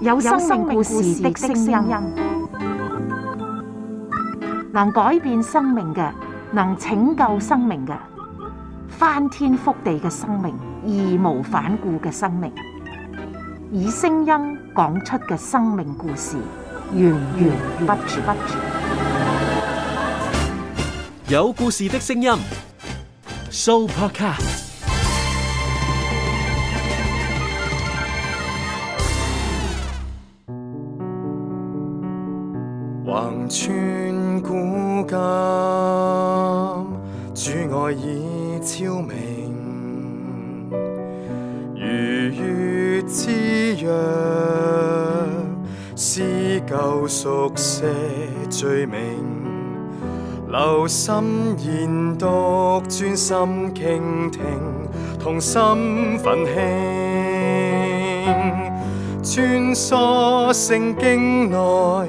有生命故事的聲音，能改變生命嘅，能拯救生命嘅，翻天覆地嘅生命，義無反顧嘅生命，以聲音講出嘅生命故事，源源不絕。有故事的聲音，Sooopodcast。穿古今主愛已超明，如月之約，撕舊熟寫罪名，留心研讀，專心傾聽，同心奮興，穿梭聖經內。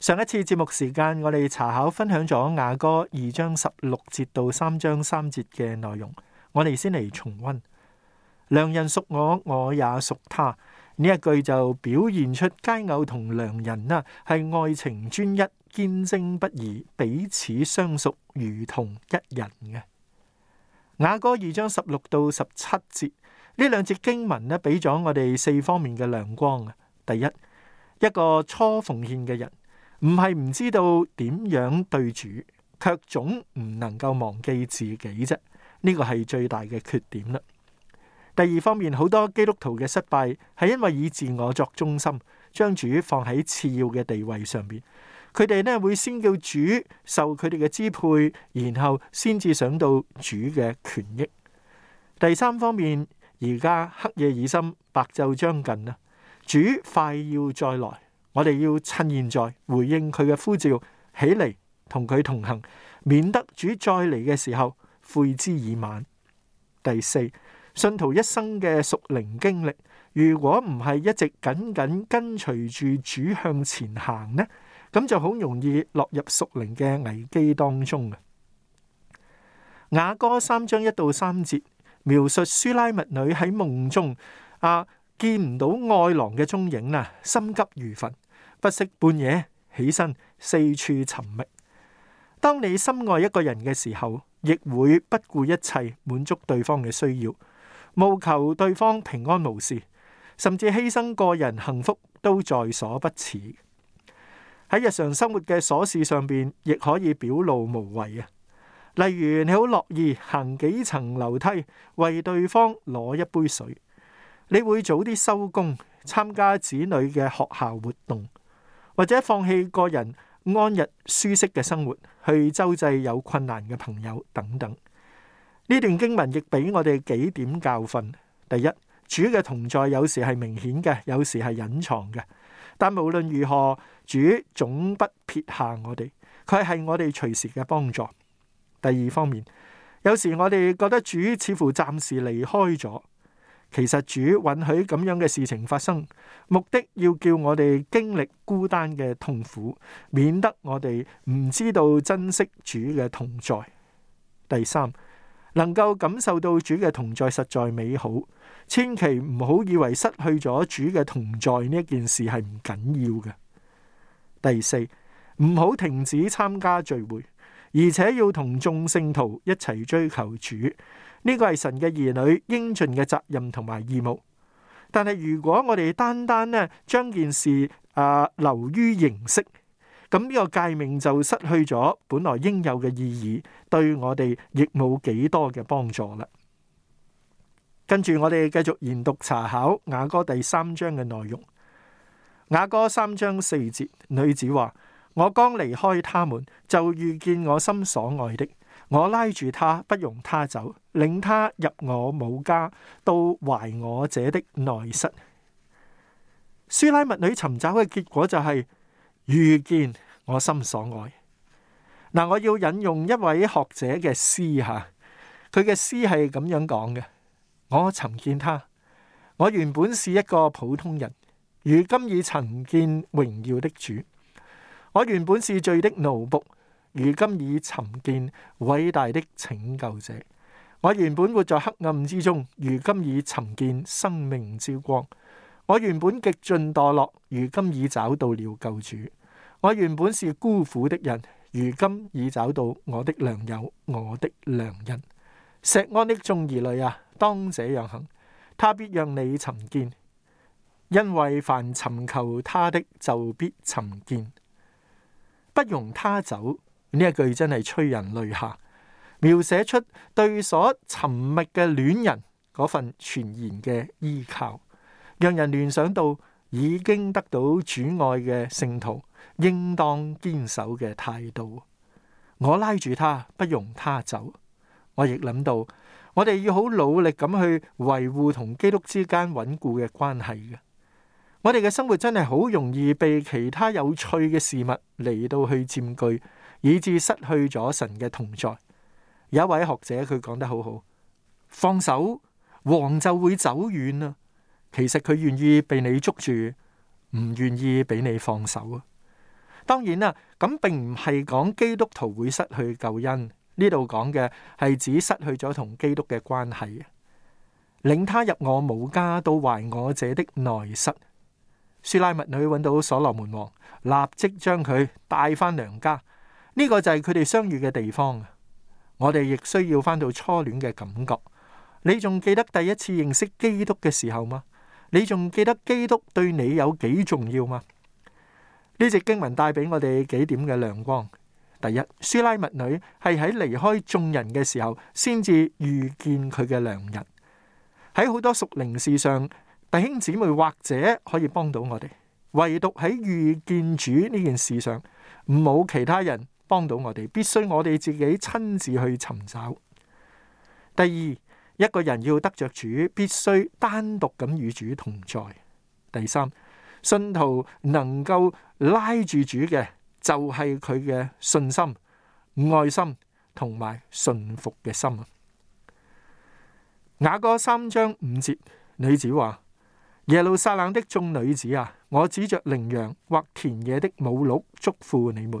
上一次節目時間，我哋查考分享咗雅歌二章十六節到三章三節嘅內容。我哋先嚟重温良人屬我，我也屬他呢一句，就表現出佳偶同良人啦，係愛情專一、堅貞不移，彼此相屬，如同一人嘅雅歌二章十六到十七節呢兩節經文咧，俾咗我哋四方面嘅亮光。第一，一個初奉獻嘅人。唔係唔知道點樣對主，卻總唔能夠忘記自己啫。呢個係最大嘅缺點啦。第二方面，好多基督徒嘅失敗係因為以自我作中心，將主放喺次要嘅地位上面。佢哋呢，會先叫主受佢哋嘅支配，然後先至想到主嘅權益。第三方面，而家黑夜已深，白晝將近啦，主快要再來。我哋要趁現在回應佢嘅呼召，起嚟同佢同行，免得主再嚟嘅時候悔之已晚。第四，信徒一生嘅屬靈經歷，如果唔係一直緊緊跟隨住主向前行呢，咁就好容易落入屬靈嘅危機當中嘅。雅歌三章一到三節描述舒拉密女喺夢中啊，見唔到愛郎嘅蹤影啦，心急如焚。不惜半夜起身四處尋覓。當你深愛一個人嘅時候，亦會不顧一切滿足對方嘅需要，務求對方平安無事，甚至犧牲個人幸福都在所不辭。喺日常生活嘅瑣事上邊，亦可以表露無遺啊。例如你好樂意行幾層樓梯為對方攞一杯水，你會早啲收工參加子女嘅學校活動。或者放棄個人安逸舒適嘅生活，去周濟有困難嘅朋友等等。呢段經文亦俾我哋幾點教訓：第一，主嘅同在有時係明顯嘅，有時係隱藏嘅。但無論如何，主總不撇下我哋，佢係我哋隨時嘅幫助。第二方面，有時我哋覺得主似乎暫時離開咗。其實主允許咁樣嘅事情發生，目的要叫我哋經歷孤單嘅痛苦，免得我哋唔知道珍惜主嘅同在。第三，能夠感受到主嘅同在實在美好，千祈唔好以為失去咗主嘅同在呢一件事係唔緊要嘅。第四，唔好停止參加聚會，而且要同眾聖徒一齊追求主。呢個係神嘅兒女應盡嘅責任同埋義務，但係如果我哋單單呢將件事啊流、呃、於形式，咁呢個誡命就失去咗本來應有嘅意義，對我哋亦冇幾多嘅幫助啦。跟住我哋繼續研讀查考雅歌第三章嘅內容，雅歌三章四節，女子話：我剛離開他們，就遇見我心所愛的。我拉住他，不容他走，領他入我母家，到懷我者的內室。書拉密女尋找嘅結果就係、是、遇見我心所愛。嗱，我要引用一位學者嘅詩吓，佢嘅詩係咁樣講嘅：我尋見他，我原本是一個普通人，如今已尋見榮耀的主。我原本是罪的奴僕。如今已尋見偉大的拯救者。我原本活在黑暗之中，如今已尋見生命之光。我原本極盡墮落，如今已找到了救主。我原本是孤苦的人，如今已找到我的良友，我的良人。錫安的眾兒女啊，當這樣行，他必讓你尋見，因為凡尋求他的就必尋見，不容他走。呢一句真係催人淚下，描寫出對所尋覓嘅戀人嗰份全然嘅依靠，讓人聯想到已經得到主愛嘅聖徒，應當堅守嘅態度。我拉住他，不容他走。我亦諗到，我哋要好努力咁去維護同基督之間穩固嘅關係嘅。我哋嘅生活真係好容易被其他有趣嘅事物嚟到去佔據。以至失去咗神嘅同在。有一位學者佢講得好好，放手，王就會走遠啊。其實佢願意被你捉住，唔願意俾你放手啊。當然啦，咁並唔係講基督徒會失去救恩。呢度講嘅係指失去咗同基督嘅關係啊。領他入我母家，到懷我者的內室。舒拉密女揾到所羅門王，立即將佢帶翻娘家。呢個就係佢哋相遇嘅地方。我哋亦需要翻到初戀嘅感覺。你仲記得第一次認識基督嘅時候嗎？你仲記得基督對你有幾重要嗎？呢節經文帶俾我哋幾點嘅亮光。第一，書拉密女係喺離開眾人嘅時候，先至遇見佢嘅良人。喺好多屬靈事上，弟兄姊妹或者可以幫到我哋。唯獨喺遇見主呢件事上，冇其他人。幫到我哋，必須我哋自己親自去尋找。第二，一個人要得着主，必須單獨咁與主同在。第三，信徒能夠拉住主嘅，就係佢嘅信心、愛心同埋順服嘅心啊。雅歌三章五節，女子話：耶路撒冷的眾女子啊，我指着羚羊或田野的母鹿，祝福你們。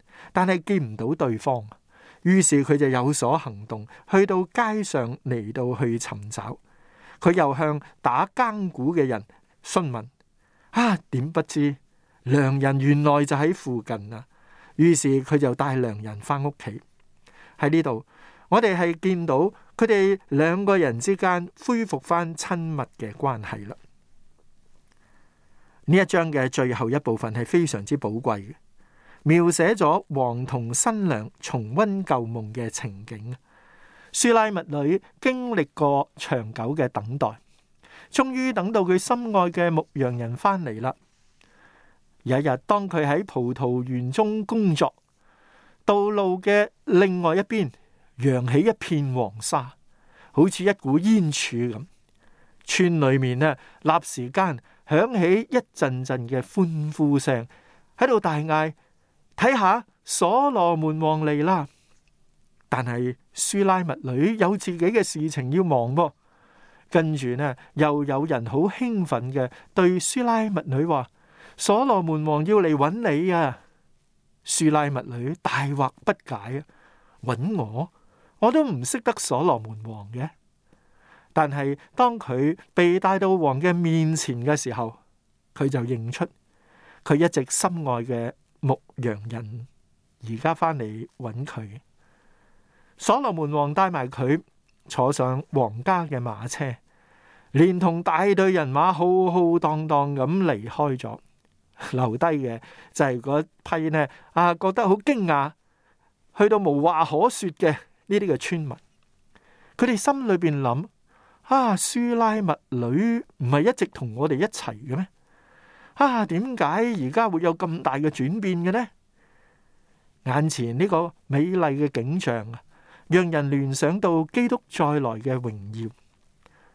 但係見唔到對方，於是佢就有所行動，去到街上嚟到去尋找。佢又向打更鼓嘅人詢問啊，點不知良人原來就喺附近啊。於是佢就帶良人翻屋企。喺呢度，我哋係見到佢哋兩個人之間恢復翻親密嘅關係啦。呢一章嘅最後一部分係非常之寶貴嘅。描寫咗王同新娘重温舊夢嘅情景。舒拉密女經歷過長久嘅等待，終於等到佢心愛嘅牧羊人返嚟啦。有一日，日，當佢喺葡萄園中工作，道路嘅另外一邊揚起一片黃沙，好似一股煙柱咁。村裏面啊，立時間響起一陣陣嘅歡呼聲，喺度大嗌。睇下所羅門王嚟啦，但係書拉密女有自己嘅事情要忙噃、啊。跟住呢，又有人好興奮嘅對書拉密女話：所羅門王要嚟揾你啊！書拉密女大惑不解啊，揾我我都唔識得所羅門王嘅。但係當佢被帶到王嘅面前嘅時候，佢就認出佢一直心愛嘅。牧羊人而家翻嚟揾佢，所羅門王帶埋佢坐上皇家嘅馬車，連同大隊人馬浩浩蕩蕩咁離開咗，留低嘅就係嗰批呢？啊，覺得好驚訝，去到無話可說嘅呢啲嘅村民，佢哋心裏面諗：啊，舒拉密女唔係一直同我哋一齊嘅咩？啊，點解而家會有咁大嘅轉變嘅呢？眼前呢個美麗嘅景象啊，讓人聯想到基督再來嘅榮耀。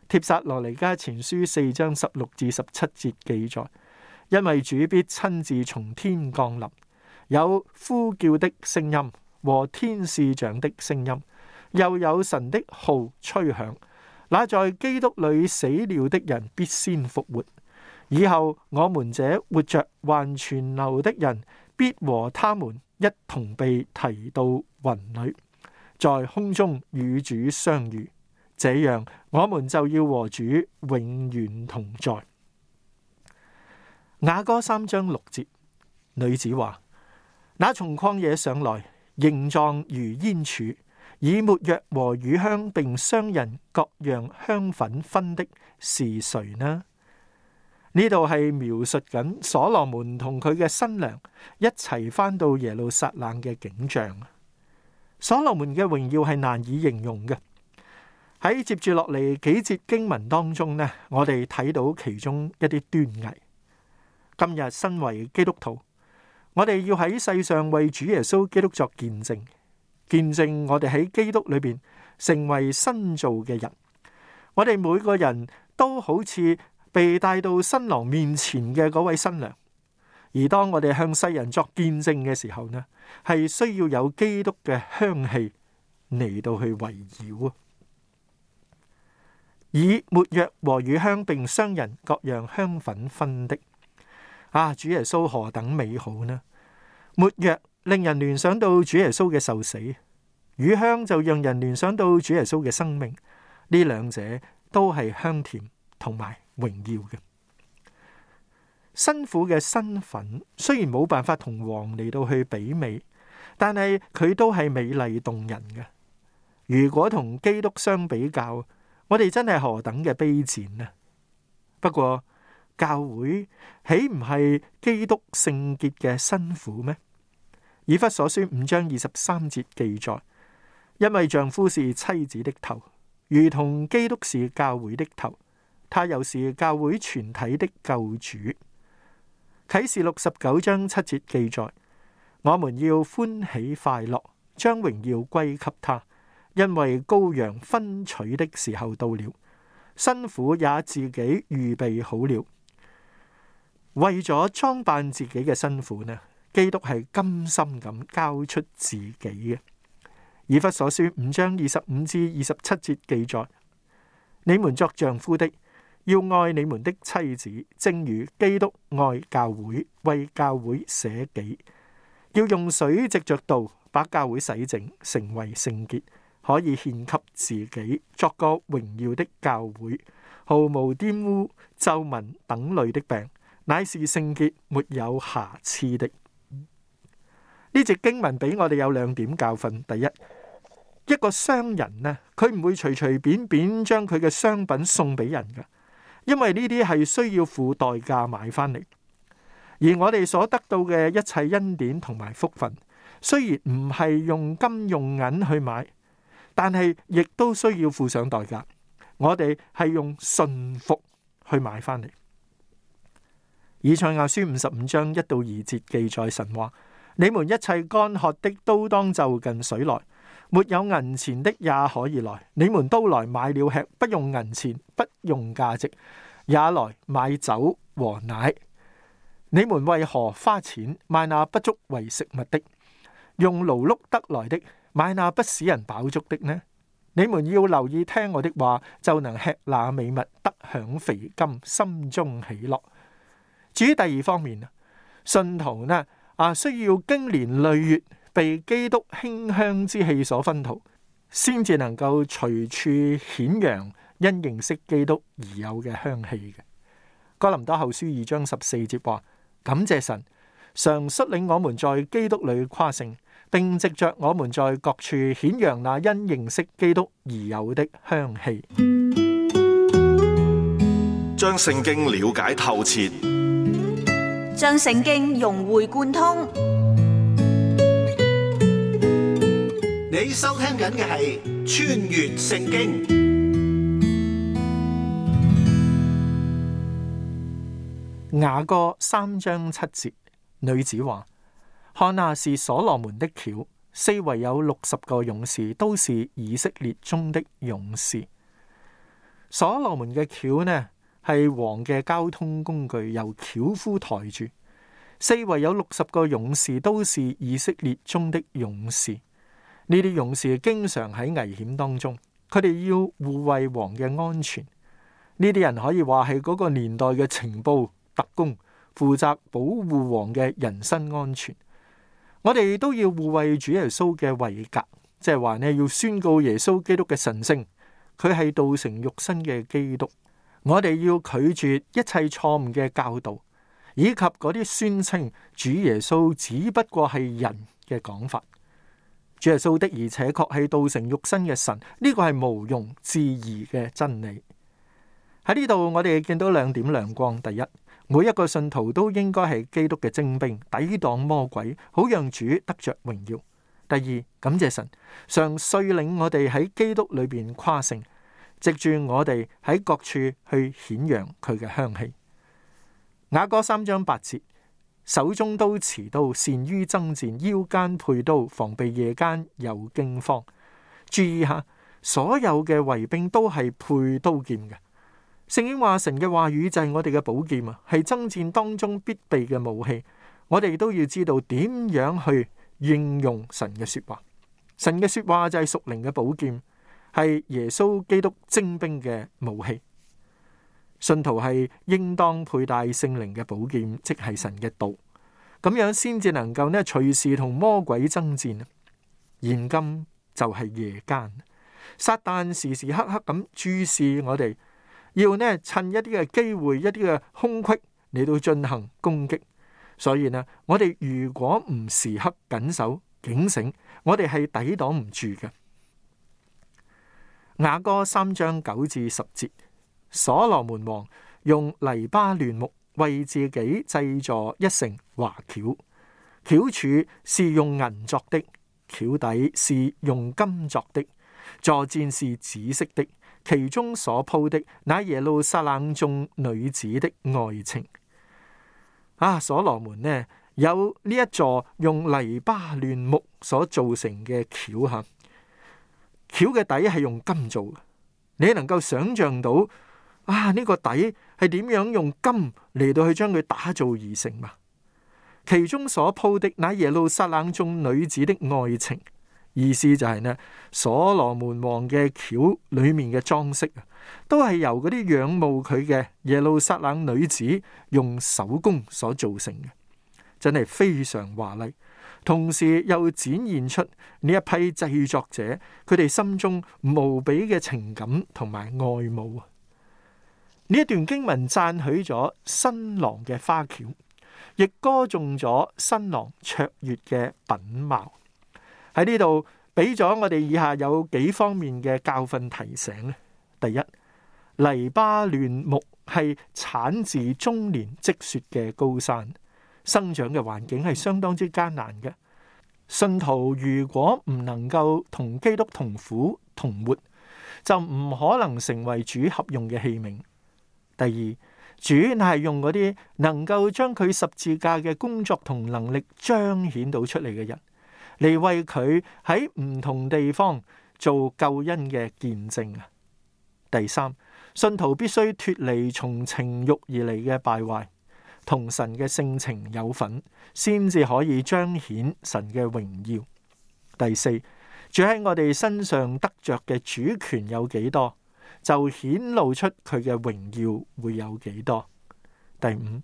帖撒羅尼迦前書四章十六至十七節記載：因為主必親自從天降臨，有呼叫的聲音和天使長的聲音，又有神的號吹響，那在基督裏死了的人必先復活。以後我們這活着還存留的人，必和他們一同被提到雲裏，在空中與主相遇。這樣，我們就要和主永遠同在。雅歌三章六節，女子話：那從曠野上來，形狀如煙柱，以沒藥和乳香並商人各樣香粉熏的是誰呢？呢度係描述緊所羅門同佢嘅新娘一齊返到耶路撒冷嘅景象。所羅門嘅榮耀係難以形容嘅。喺接住落嚟，幾節經文當中呢，我哋睇到其中一啲端倪。今日身為基督徒，我哋要喺世上為主耶穌基督作見證，見證我哋喺基督裏面成為新造嘅人。我哋每個人都好似，被帶到新郎面前嘅嗰位新娘，而當我哋向世人作見證嘅時候呢，係需要有基督嘅香氣嚟到去圍繞啊。以沒藥和乳香並商人各樣香粉薰的啊，主耶穌何等美好呢？沒藥令人聯想到主耶穌嘅受死，乳香就讓人聯想到主耶穌嘅生命。呢兩者都係香甜同埋榮耀嘅新婦嘅身份，雖然冇辦法同王嚟到去媲美，但係佢都係美麗動人嘅。如果同基督相比較，我哋真係何等嘅卑賤啊！不過教會豈唔係基督聖潔嘅新婦咩？以弗所書五章二十三節記載：因為丈夫是妻子的頭，如同基督是教會的頭。他又是教會全體的救主。啟示六十九章七節記載：我們要歡喜快樂，將榮耀歸給他，因為羔羊婚娶的時候到了，新婦也自己預備好了。為咗裝扮自己嘅新婦呢？基督係甘心咁交出自己嘅。以弗所書五章二十五至二十七節記載：你們作丈夫的。要愛你們的妻子，正如基督愛教會，為教會捨己。要用水藉着道把教會洗淨，成為聖潔，可以獻給自己，作個榮耀的教會，毫無玷污、皺紋等類的病，乃是聖潔，沒有瑕疵的。呢節經文俾我哋有兩點教訓：第一，一個商人呢，佢唔會隨隨便便將佢嘅商品送俾人嘅。因為呢啲係需要付代價買翻嚟，而我哋所得到嘅一切恩典同埋福分，雖然唔係用金用銀去買，但係亦都需要付上代價。我哋係用信服去買翻嚟。以賽亞書五十五章一到二節記載神話：你們一切乾渴的都當就近水來。沒有銀錢的也可以來，你們都來買了吃，不用銀錢，不用價值，也來買酒和奶。你們為何花錢買那不足為食物的，用勞碌得來的買那不使人飽足的呢？你們要留意聽我的話，就能吃那美物，得享肥甘，心中喜樂。至於第二方面，信徒呢，啊，需要經年累月。被基督馨香之氣所熏陶，先至能夠隨處顯揚因認識基督而有嘅香氣嘅。哥林多後書二章十四節話：感謝神，常率領我們在基督裏誇勝，並藉着我們在各處顯揚那因認識基督而有的香氣。將聖經了解透徹，將聖經融會貫通。你收聽緊嘅係《穿越聖經》雅歌三章七節，女子話：看哪，是所羅門的轎，四圍有六十個勇士，都是以色列中的勇士。所羅門嘅轎呢係王嘅交通工具，由轎夫抬住。四圍有六十個勇士，都是以色列中的勇士。呢啲勇士經常喺危險當中，佢哋要護衛王嘅安全。呢啲人可以話係嗰個年代嘅情報特工，負責保護王嘅人身安全。我哋都要護衛主耶穌嘅位格，即係話咧，要宣告耶穌基督嘅神聖，佢係道成肉身嘅基督。我哋要拒絕一切錯誤嘅教導，以及嗰啲宣稱主耶穌只不過係人嘅講法。主耶穌的，而且確係道成肉身嘅神，呢、這個係毋庸置疑嘅真理。喺呢度我哋見到兩點亮光：第一，每一個信徒都應該係基督嘅精兵，抵擋魔鬼，好讓主得着榮耀；第二，感謝神，常率領我哋喺基督裏邊誇勝，藉住我哋喺各處去顯揚佢嘅香氣。雅歌三章八節。手中刀持刀，善於爭戰，腰間佩刀，防備夜間有驚慌。注意下，所有嘅衛兵都係佩刀劍嘅。聖經話神嘅話語就係我哋嘅寶劍啊，係爭戰當中必備嘅武器。我哋都要知道點樣去應用神嘅說話。神嘅說話就係屬靈嘅寶劍，係耶穌基督精兵嘅武器。信徒係應當佩戴聖靈嘅寶劍，即係神嘅道，咁樣先至能夠呢隨時同魔鬼爭戰。現今就係夜間，撒旦時時刻刻咁注視我哋，要呢趁一啲嘅機會、一啲嘅空隙嚟到進行攻擊。所以呢，我哋如果唔時刻緊守警醒，我哋係抵擋唔住嘅。雅歌三章九至十節。所羅門王用黎巴嫩木為自己製作一乘華轎，轎柱是用銀作的，轎底是用金作的，坐墊是紫色的，其中所鋪的乃耶路撒冷眾女子的愛情。啊！所羅門呢有呢一座用黎巴嫩木所造成嘅轎，吓轎嘅底係用金做，你能夠想象到。啊！呢、這個底係點樣用金嚟到去將佢打造而成嘛、啊？其中所鋪的乃耶路撒冷眾女子的愛情，意思就係呢，所羅門王嘅轎裏面嘅裝飾啊，都係由嗰啲仰慕佢嘅耶路撒冷女子用手工所造成嘅，真係非常華麗，同時又展現出呢一批製作者佢哋心中無比嘅情感同埋愛慕啊！呢一段經文讚許咗新郎嘅花轎，亦歌頌咗新郎卓越嘅品貌。喺呢度俾咗我哋以下有幾方面嘅教訓提醒。第一，黎巴嫩木係產自中年積雪嘅高山，生長嘅環境係相當之艱難嘅。信徒如果唔能夠同基督同苦同活，就唔可能成為主合用嘅器皿。第二，主係用嗰啲能夠將佢十字架嘅工作同能力彰顯到出嚟嘅人，嚟為佢喺唔同地方做救恩嘅見證啊。第三，信徒必須脫離從情慾而嚟嘅敗壞，同神嘅性情有份，先至可以彰顯神嘅榮耀。第四，主喺我哋身上得着嘅主權有幾多？就顯露出佢嘅榮耀會有幾多？第五，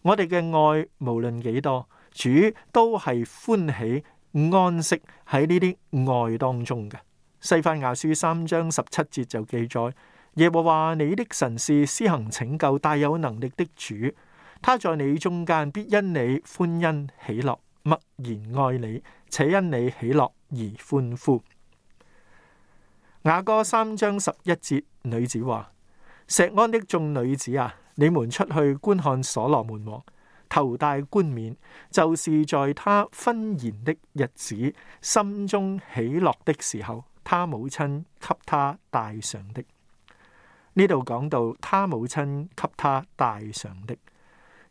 我哋嘅愛無論幾多，主都係歡喜安息喺呢啲愛當中嘅。西番雅書三章十七節就記載：耶和華你的神是施行拯救，大有能力的主，他在你中間必因你歡欣喜樂，默然愛你，且因你喜樂而歡呼。雅歌三章十一節，女子話：錫安的眾女子啊，你們出去觀看所羅門王頭戴冠冕，就是在他婚宴的日子，心中喜樂的時候，他母親給他戴上的。呢度講到他母親給他戴上的。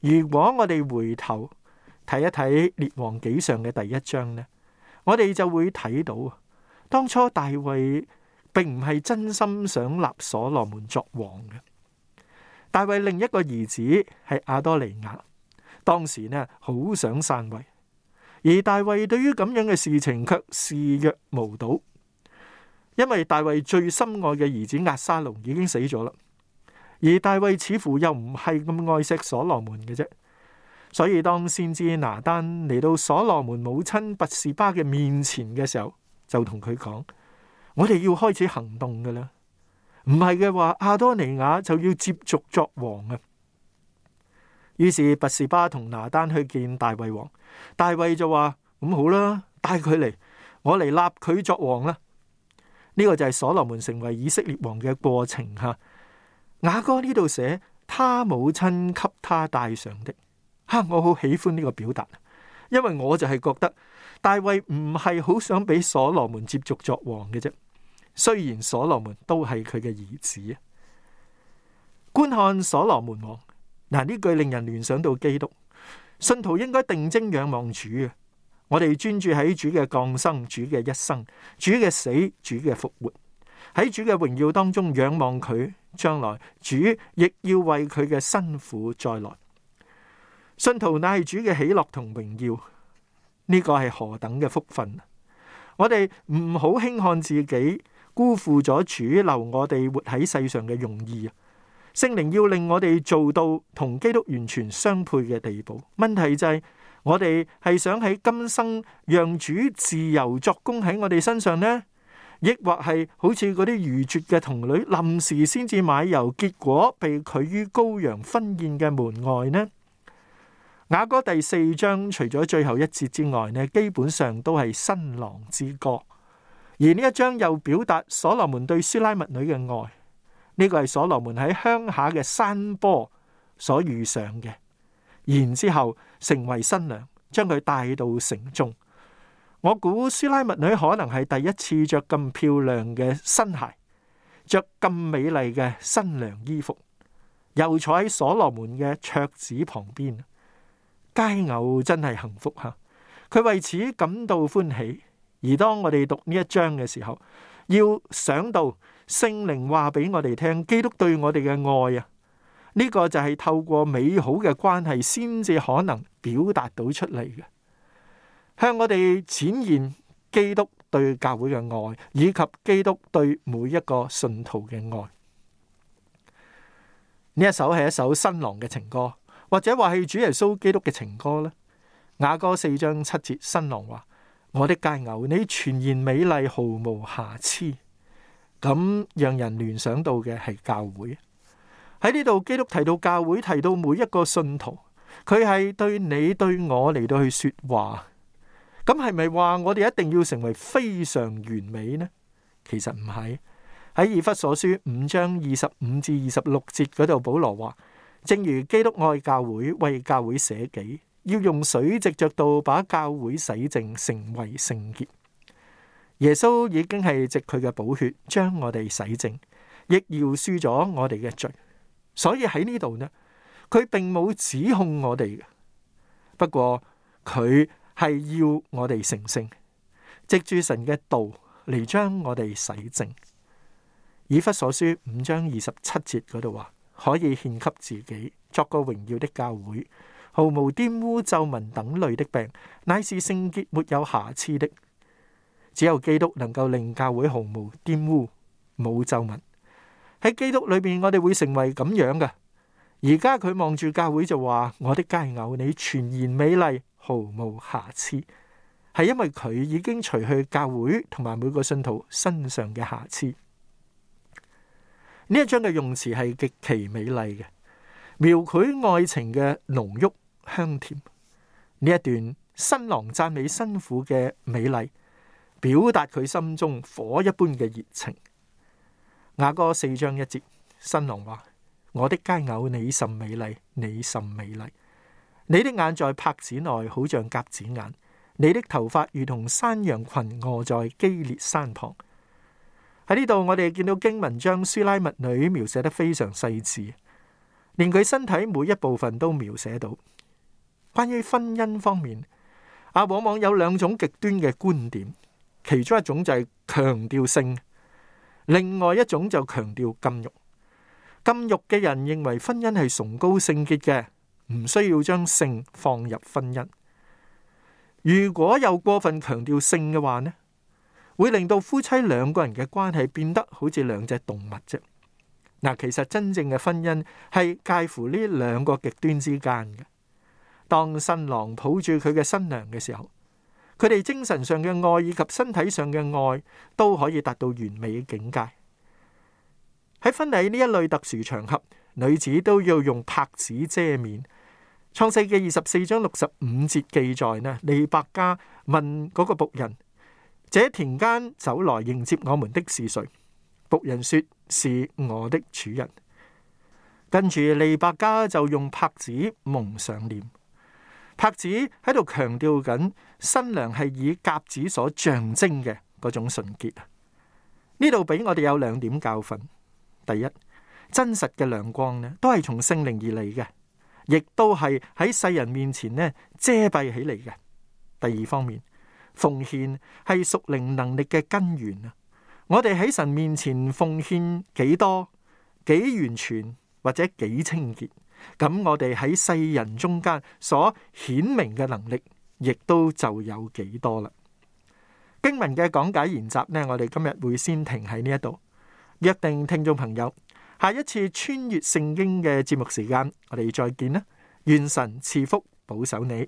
如果我哋回頭睇一睇列王紀上嘅第一章呢，我哋就會睇到啊，當初大衛。並唔係真心想立所羅門作王嘅，大衛另一個兒子係亞多尼雅，當時呢好想篡位，而大衛對於咁樣嘅事情卻視若無睹，因為大衛最心愛嘅兒子押沙龍已經死咗啦，而大衛似乎又唔係咁愛惜所羅門嘅啫，所以當先知拿單嚟到所羅門母親拔士巴嘅面前嘅時候，就同佢講。我哋要開始行動噶啦，唔係嘅話亞多尼雅就要接續作王啊。於是拔士巴同拿單去見大衛王，大衛就話：咁、嗯、好啦，帶佢嚟，我嚟立佢作王啦。呢個就係所羅門成為以色列王嘅過程吓。雅歌呢度寫，他母親給他戴上的，吓，我好喜歡呢個表達，因為我就係覺得。大衛唔係好想俾所羅門接續作王嘅啫，雖然所羅門都係佢嘅兒子。觀看所羅門王，嗱呢句令人聯想到基督，信徒應該定睛仰望主，我哋專注喺主嘅降生、主嘅一生、主嘅死、主嘅復活，喺主嘅榮耀當中仰望佢將來，主亦要為佢嘅辛苦再來。信徒乃係主嘅喜樂同榮耀。呢個係何等嘅福分啊！我哋唔好輕看自己，辜負咗主留我哋活喺世上嘅用意啊！聖靈要令我哋做到同基督完全相配嘅地步。問題就係我哋係想喺今生讓主自由作工喺我哋身上呢，抑或係好似嗰啲愚拙嘅童女，臨時先至買油，結果被拒於羔羊婚宴嘅門外呢？雅歌第四章除咗最後一節之外呢，基本上都係新郎之歌。而呢一章又表達所羅門對蘇拉蜜女嘅愛。呢個係所羅門喺鄉下嘅山坡所遇上嘅。然之後成為新娘，將佢帶到城中。我估蘇拉蜜女可能係第一次着咁漂亮嘅新鞋，着咁美麗嘅新娘衣服，又坐喺所羅門嘅桌子旁邊。佳偶真係幸福吓，佢為此感到歡喜。而當我哋讀呢一章嘅時候，要想到聖靈話俾我哋聽，基督對我哋嘅愛啊，呢個就係透過美好嘅關係先至可能表達到出嚟嘅，向我哋展現基督對教會嘅愛，以及基督對每一個信徒嘅愛。呢一首係一首新郎嘅情歌。或者話係主耶穌基督嘅情歌呢？《雅歌》四章七節，新郎話：我的佳偶，你全然美麗，毫無瑕疵。咁讓人聯想到嘅係教會。喺呢度，基督提到教會，提到每一個信徒，佢係對你對我嚟到去說話。咁係咪話我哋一定要成為非常完美呢？其實唔係。喺以弗所書五章二十五至二十六節嗰度，保羅話。正如基督愛教會，為教會捨己，要用水藉着道把教會洗淨，成為聖潔。耶穌已經係藉佢嘅寶血將我哋洗淨，亦饒恕咗我哋嘅罪。所以喺呢度呢，佢並冇指控我哋，不過佢係要我哋成聖，藉住神嘅道嚟將我哋洗淨。以弗所書五章二十七節嗰度話。可以獻給自己，作個榮耀的教會，毫無玷污、皺紋等類的病，乃是聖潔、沒有瑕疵的。只有基督能夠令教會毫無玷污、冇皺紋。喺基督裏邊，我哋會成為咁樣嘅。而家佢望住教會就話：「我的佳偶，你全然美麗，毫無瑕疵。」係因為佢已經除去教會同埋每個信徒身上嘅瑕疵。呢一章嘅用詞係極其美麗嘅，描繪愛情嘅濃郁香甜。呢一段新郎讚美新婦嘅美麗，表達佢心中火一般嘅熱情。雅歌四章一節，新郎話：我的佳偶你甚美麗，你甚美麗。你的眼在帕子內，好像鴿子眼；你的頭髮如同山羊群臥在基列山旁。喺呢度，我哋見到經文將書拉密女描寫得非常細緻，連佢身體每一部分都描寫到。關於婚姻方面，啊，往往有兩種極端嘅觀點，其中一種就係強調性，另外一種就強調禁慾。禁慾嘅人認為婚姻係崇高聖潔嘅，唔需要將性放入婚姻。如果有過分強調性嘅話呢？會令到夫妻兩個人嘅關係變得好似兩隻動物啫。嗱，其實真正嘅婚姻係介乎呢兩個極端之間嘅。當新郎抱住佢嘅新娘嘅時候，佢哋精神上嘅愛以及身體上嘅愛都可以達到完美嘅境界。喺婚禮呢一類特殊場合，女子都要用帕子遮面。創世記二十四章六十五節記載呢，利百加問嗰個僕人。這田間走來迎接我們的是誰？僕人說：是我的主人。跟住，利百加就用帕子蒙上臉。帕子喺度強調緊新娘係以鴿子所象徵嘅嗰種純潔啊！呢度俾我哋有兩點教訓：第一，真實嘅亮光咧都係從聖靈而嚟嘅，亦都係喺世人面前咧遮蔽起嚟嘅。第二方面。奉獻係屬靈能力嘅根源啊！我哋喺神面前奉獻幾多、幾完全或者幾清潔，咁我哋喺世人中間所顯明嘅能力，亦都就有幾多啦。經文嘅講解研習呢，我哋今日會先停喺呢一度，約定聽眾朋友下一次穿越聖經嘅節目時間，我哋再見啦！願神賜福保守你。